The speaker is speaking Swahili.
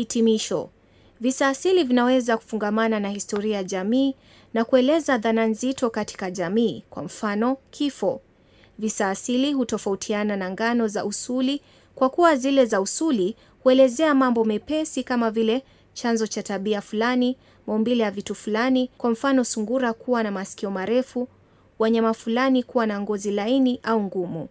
Hitimisho: visa asili vinaweza kufungamana na historia ya jamii na kueleza dhana nzito katika jamii. Kwa mfano, kifo. Visa asili hutofautiana na ngano za usuli kwa kuwa zile za usuli huelezea mambo mepesi kama vile chanzo cha tabia fulani, maumbile ya vitu fulani, kwa mfano sungura kuwa na masikio marefu, wanyama fulani kuwa na ngozi laini au ngumu.